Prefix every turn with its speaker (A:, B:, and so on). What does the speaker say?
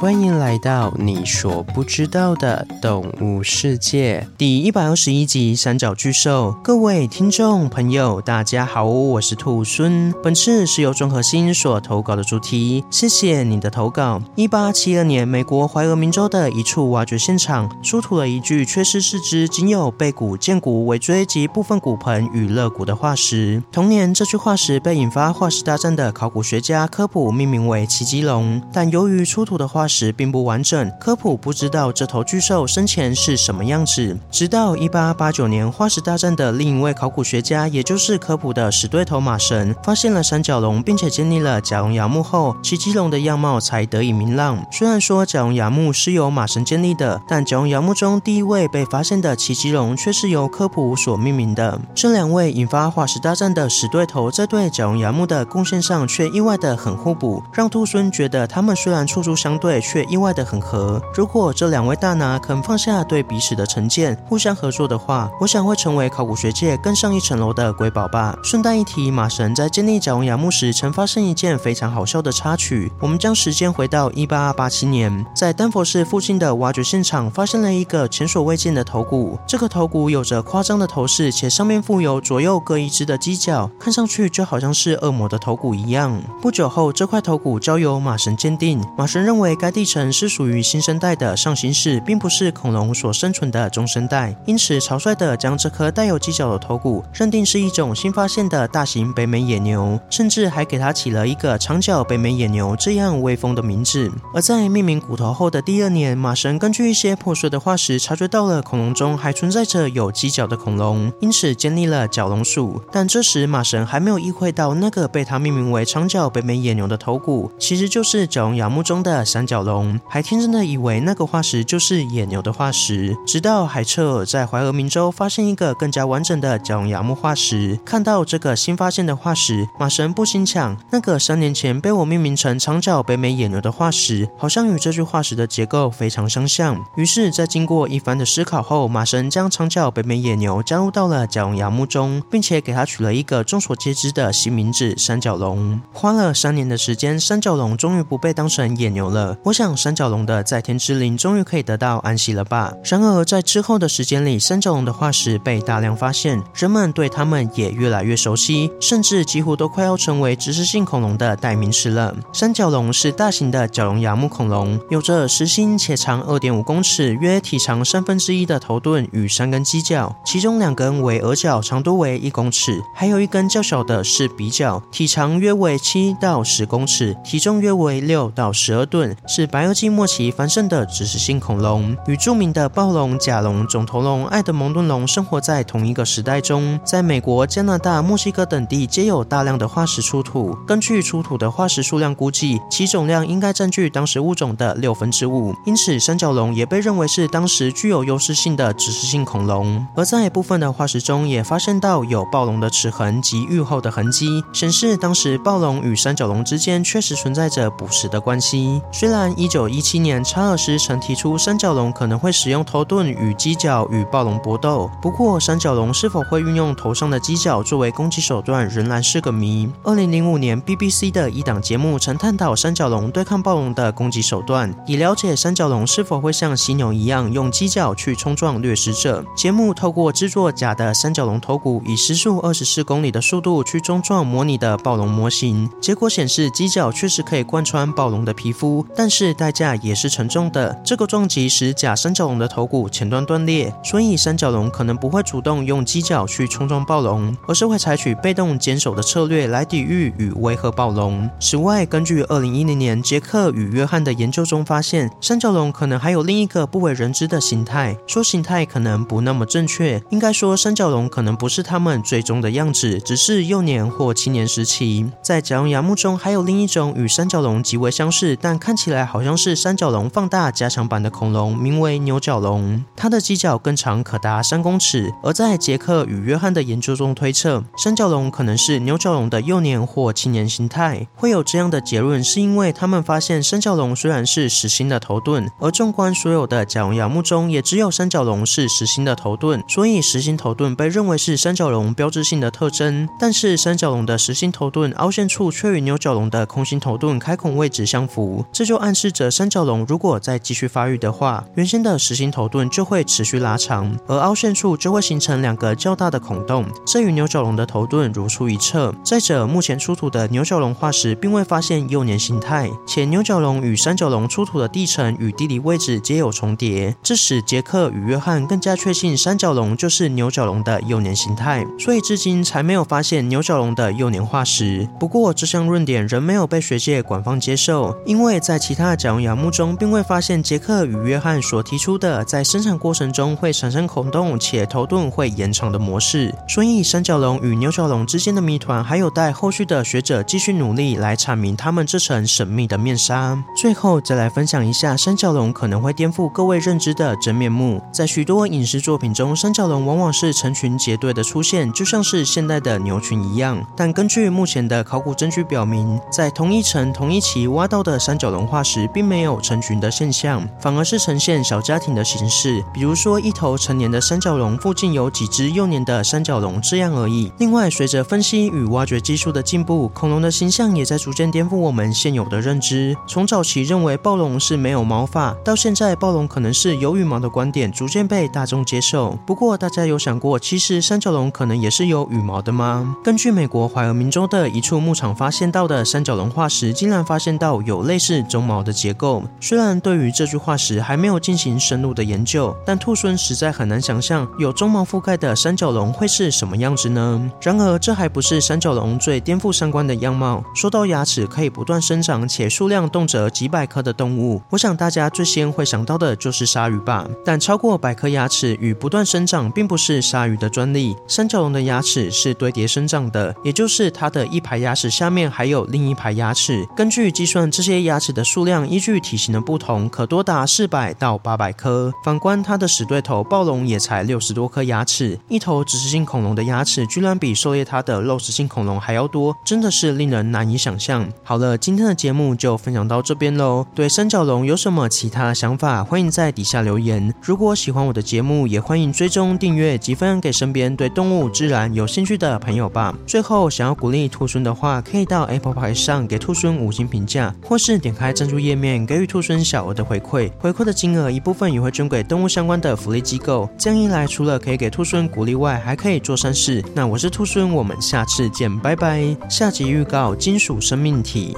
A: 歡迎來到你所不知道的動物世界第一百二十一集三角巨獸。各位聽眾朋友，大家好，我是兔猻。本次是由中核心所投稿的主題，謝謝你的投稿。一八七二年，美國懷俄明州的一處挖掘現場出土了一具缺失四肢、僅有背骨、薦骨、尾椎及部分骨盆與肋骨的化石。同年，這具化石被引發化石大戰的考古學家科普命名為奇蹟龍，但由於出土的化石，時並不完整，科普不知道這頭巨獸生前是什麼樣子。直到一八八九年，化石大戰的另一位考古學家，也就是科普的死對頭馬神，發現了三角龍，並且建立了甲龍亞目後，奇蹟龍的樣貌才得以明朗。雖然說甲龍亞目是由馬神建立的，但甲龍亞目中第一位被發現的奇蹟龍卻是由科普所命名的。這兩位引發化石大戰的死對頭，在對甲龍亞目的貢獻上卻意外的很互補，讓兔孫覺得他們雖然處處相對。卻意外的很合。如果這兩位大拿肯放下對彼此的成見，互相合作的話，我想會成為考古學界更上一層樓的瑰寶吧。順帶一提，馬神在建立甲龍亞目時，曾發生一件非常好笑的插曲。我們將時間回到一八八七年，在丹佛市附近的挖掘現場，發現了一個前所未見的頭骨。這個頭骨有着誇張的頭飾，且上面附有左右各一隻的犄角，看上去就好像是惡魔的頭骨一樣。不久後，這塊頭骨交由馬神鑑定，馬神認為該。地層是屬於新生代的上新世，並不是恐龍所生存的中生代，因此草率的將這顆帶有犄角的頭骨認定是一種新發現的大型北美野牛，甚至還給它起了一個長角北美野牛這樣威風的名字。而在命名骨頭後的第二年，馬神根據一些破碎的化石，察覺到了恐龍中還存在着有犄角的恐龍，因此建立了角龍屬。但這時馬神還沒有意會到，那個被他命名為長角北美野牛的頭骨，其實就是角龍亞目中的三角龍還天真的以為那個化石就是野牛的化石，直到海徹爾在懷俄明州發現一個更加完整的角龍亞目化石。看到這個新發現的化石，馬神不禁想：那個三年前被我命名成長角北美野牛的化石，好像與這具化石的結構非常相像。於是，在經過一番的思考後，馬神將長角北美野牛加入到了角龍亞目中，並且給他取了一個眾所皆知的新名字——三角龍。花了三年的時間，三角龍終於不被當成野牛了。我想三角龍的在天之靈終於可以得到安息了吧。然而在之後的時間裡，三角龍的化石被大量發現，人們對它們也越來越熟悉，甚至幾乎都快要成為植食性恐龍的代名詞了。三角龍是大型的角龍亞目恐龍，有着實心且長二點五公尺、約體長三分之一的頭盾與三根犄角，其中兩根為額角，長度為一公尺，還有一根較小的是鼻角，體長約為七到十公尺，體重約為六到十二噸。是白堊紀末期繁盛的植食性恐龍，與著名的暴龍、甲龍、腫頭龍、愛德蒙頓龍生活在同一個時代中，在美國、加拿大、墨西哥等地皆有大量的化石出土。根據出土的化石數量估計，其總量應該占據當時物種的六分之五，因此三角龍也被認為是當時具有優勢性的植食性恐龍。而在部分的化石中也發現到有暴龍的齒痕及愈後的痕迹，顯示當時暴龍與三角龍之間確實存在着捕食的關係。雖然但一九一七年，查爾斯曾提出三角龍可能會使用頭盾與犄角與暴龍搏鬥。不過，三角龍是否會運用頭上的犄角作為攻擊手段，仍然是個謎。二零零五年，BBC 的一檔節目曾探討三角龍對抗暴龍的攻擊手段，以了解三角龍是否會像犀牛一樣用犄角去衝撞掠食者。節目透過製作假的三角龍頭骨，以時速二十四公里的速度去衝撞模擬的暴龍模型。結果顯示，犄角確實可以貫穿暴龍的皮膚，但但是代價也是沉重的。這個撞擊使假三角龍的頭骨前端斷裂，所以三角龍可能不會主動用犄角去衝撞暴龍，而是會採取被動堅守的策略來抵禦與威嚇暴龍。此外，根據二零一零年傑克與約翰的研究中發現，三角龍可能還有另一個不為人知的形態。說形態可能不那麼正確，應該說三角龍可能不是它們最終的樣子，只是幼年或青年時期。在甲龍亞目中，還有另一種與三角龍極為相似，但看起來。好像是三角龍放大加強版的恐龍，名為牛角龍。它的犄角更長，可達三公尺。而在傑克與約翰的研究中推測，三角龍可能是牛角龍的幼年或青年形態。會有這樣的結論，是因為他們發現三角龍雖然是實心的頭盾，而縱觀所有的角龍亞目中，也只有三角龍是實心的頭盾。所以實心頭盾被認為是三角龍標誌性的特徵。但是三角龍的實心頭盾凹陷處卻與牛角龍的空心頭盾開孔位置相符，這就按。暗示着三角龍如果再繼續發育的話，原先的實心頭盾就會持續拉長，而凹陷處就會形成兩個較大的孔洞，這與牛角龍的頭盾如出一轍。再者，目前出土的牛角龍化石並未發現幼年形態，且牛角龍與三角龍出土的地層與地理位置皆有重疊，致使傑克與約翰更加確信三角龍就是牛角龍的幼年形態，所以至今才沒有發現牛角龍的幼年化石。不過，這項論點仍沒有被學界廣泛接受，因為在其他。在角龍亞目中，並未發現傑克與約翰所提出的在生產過程中會產生孔洞且頭盾會延長的模式，所以三角龍與牛角龍之間的謎團還有待後續的學者繼續努力來闡明他們這層神秘的面紗。最後，再來分享一下三角龍可能會顛覆各位認知的真面目。在許多影視作品中，三角龍往往是成群結隊的出現，就像是現代的牛群一樣。但根據目前的考古證據表明，在同一層同一期挖到的三角龍化石。時並沒有成群的現象，反而是呈現小家庭的形式，比如說一頭成年的三角龍附近有幾隻幼年的三角龍，這樣而已。另外，隨着分析與挖掘技術的進步，恐龍的形象也在逐漸顛覆我們現有的認知。從早期認為暴龍是沒有毛髮，到現在暴龍可能是有羽毛的觀點，逐漸被大眾接受。不過，大家有想過，其實三角龍可能也是有羽毛的嗎？根據美國懷俄明州的一處牧場發現到的三角龍化石，竟然發現到有類似鬃毛的結構，雖然對於這句話時還沒有進行深入的研究，但兔猻實在很難想象有鬃毛覆蓋的三角龍會是什麼樣子呢？然而，這還不是三角龍最顛覆三觀的樣貌。說到牙齒可以不斷生長且數量動輒幾百顆的動物，我想大家最先會想到的就是鯊魚吧。但超過百顆牙齒與不斷生長並不是鯊魚的專利，三角龍的牙齒是堆疊生長的，也就是它的一排牙齒下面還有另一排牙齒。根據計算，這些牙齒的數數量依據體型的不同，可多達四百到八百顆。反觀它的死對頭暴龍，也才六十多顆牙齒。一頭植食性恐龍的牙齒，居然比狩獵它的肉食性恐龍還要多，真的是令人難以想象。好了，今天的節目就分享到這邊嘍。對三角龍有什麼其他的想法，歡迎在底下留言。如果喜歡我的節目，也歡迎追蹤訂閱及分享給身邊對動物自然有興趣的朋友吧。最後，想要鼓勵兔猻的話，可以到 Apple 上給兔猻五星評價，或是點開入頁面給予兔孫小額的回饋，回饋的金額一部分也會捐給動物相關的福利機構。這樣一來，除了可以給兔孫鼓勵外，還可以做善事。那我是兔孫，我們下次見，拜拜。下集預告：金屬生命體。